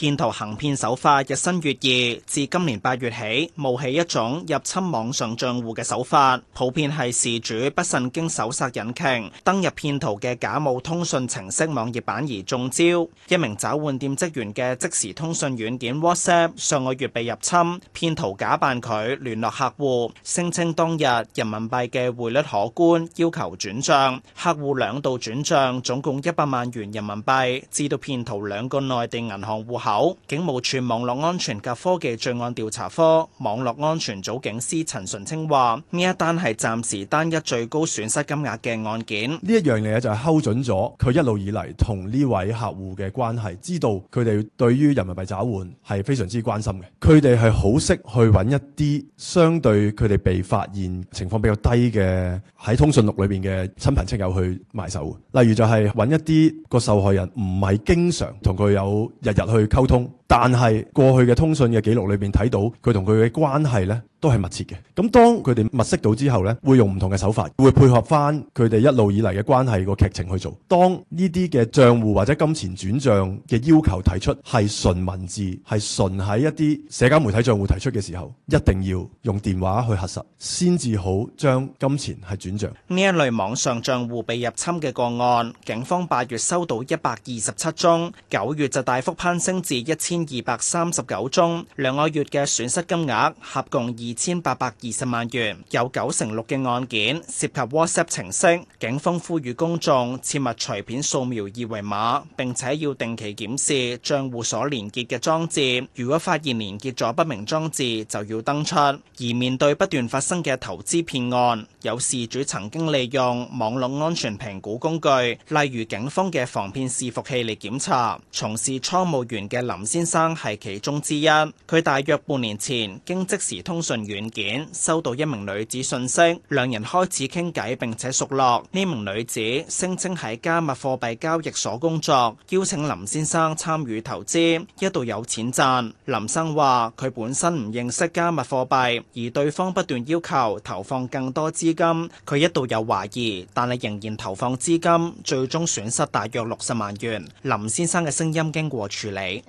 騙徒行騙手法日新月異，自今年八月起冒起一種入侵網上賬戶嘅手法，普遍係事主不慎經搜尋引擎登入騙徒嘅假冒通訊程式網頁版而中招。一名找換店職員嘅即時通訊軟件 WhatsApp 上個月被入侵，騙徒假扮佢聯絡客戶，聲稱當日人民幣嘅匯率可觀，要求轉帳，客戶兩度轉帳總共一百萬元人民幣，至到騙徒兩個內地銀行戶口。警務處網絡安全及科技罪案調查科網絡安全組警司陳純清話，呢一單係暫時單一最高損失金額嘅案件。呢一樣嘢就係溝準咗，佢一路以嚟同呢位客戶嘅關係，知道佢哋對於人民幣找換係非常之關心嘅。佢哋係好識去揾一啲相對佢哋被發現情況比較低嘅喺通訊錄裏邊嘅親朋戚友去埋手。例如就係揾一啲個受害人唔係經常同佢有日日去溝。溝通。但係過去嘅通訊嘅記錄裏面睇到佢同佢嘅關係呢都係密切嘅。咁當佢哋密識到之後呢，會用唔同嘅手法，會配合翻佢哋一路以嚟嘅關係個劇情去做。當呢啲嘅賬戶或者金錢轉賬嘅要求提出，係純文字，係純喺一啲社交媒體賬戶提出嘅時候，一定要用電話去核實，先至好將金錢係轉賬。呢一類網上賬戶被入侵嘅個案，警方八月收到一百二十七宗，九月就大幅攀升至一千。二百三十九宗，兩個月嘅損失金額合共二千八百二十萬元，有九成六嘅案件涉及 WhatsApp 程式。警方呼籲公眾切勿隨便掃描二維碼，並且要定期檢視賬戶所連結嘅裝置。如果發現連結咗不明裝置，就要登出。而面對不斷發生嘅投資騙案，有事主曾經利用網絡安全評估工具，例如警方嘅防騙伺服器嚟檢查，從事倉務員嘅林先生，生係其中之一，佢大約半年前經即時通訊軟件收到一名女子信息，兩人開始傾偈並且熟絡。呢名女子聲稱喺加密貨幣交易所工作，邀請林先生參與投資，一度有錢賺。林生話佢本身唔認識加密貨幣，而對方不斷要求投放更多資金，佢一度有懷疑，但係仍然投放資金，最終損失大約六十萬元。林先生嘅聲音經過處理，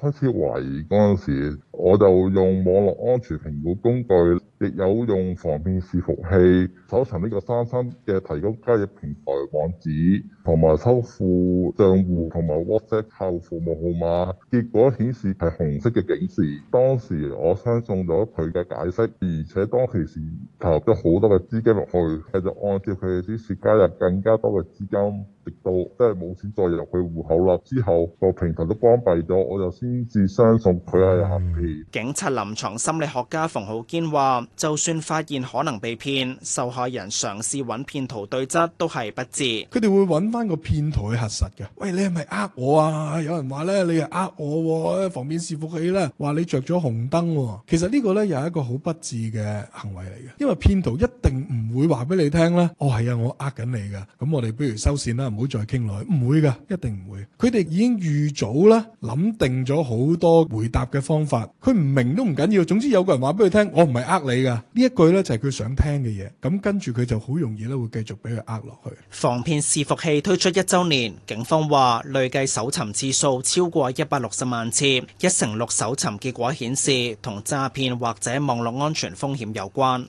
嗰陣時，我就用網絡安全評估工具，亦有用防騙伺服器搜尋呢個三山嘅提供交易平台網址同埋收付賬戶同埋 WhatsApp 客戶服務號碼，結果顯示係紅色嘅警示。當時我相信咗佢嘅解釋，而且當其時投入咗好多嘅資金入去，繼續按照佢嘅指示加入更加多嘅資金。直到即係冇錢再入佢戶口啦，之後個平台都關閉咗，我就先至相信佢係合皮。警察臨床心理學家馮浩堅話，就算發現可能被騙，受害人嘗試揾騙徒對質都係不智。佢哋會揾翻個騙徒去核實嘅。喂，你係咪呃我啊？有人話咧，你係呃我喎、啊，防騙視伺器咧，話你着咗紅燈喎、啊。其實這個呢個咧又係一個好不智嘅行為嚟嘅，因為騙徒一定唔會話俾你聽咧。哦，係啊，我呃緊你嘅。咁我哋不如收線啦。唔好再傾來唔會噶，一定唔會。佢哋已經預早咧諗定咗好多回答嘅方法，佢唔明都唔緊要。總之有個人話俾佢聽，我唔係呃你噶呢一句咧，就係佢想聽嘅嘢。咁跟住佢就好容易咧會繼續俾佢呃落去。防騙視伺服器推出一周年，警方話累計搜尋次數超過一百六十萬次，一成六搜尋結果顯示同詐騙或者網絡安全風險有關。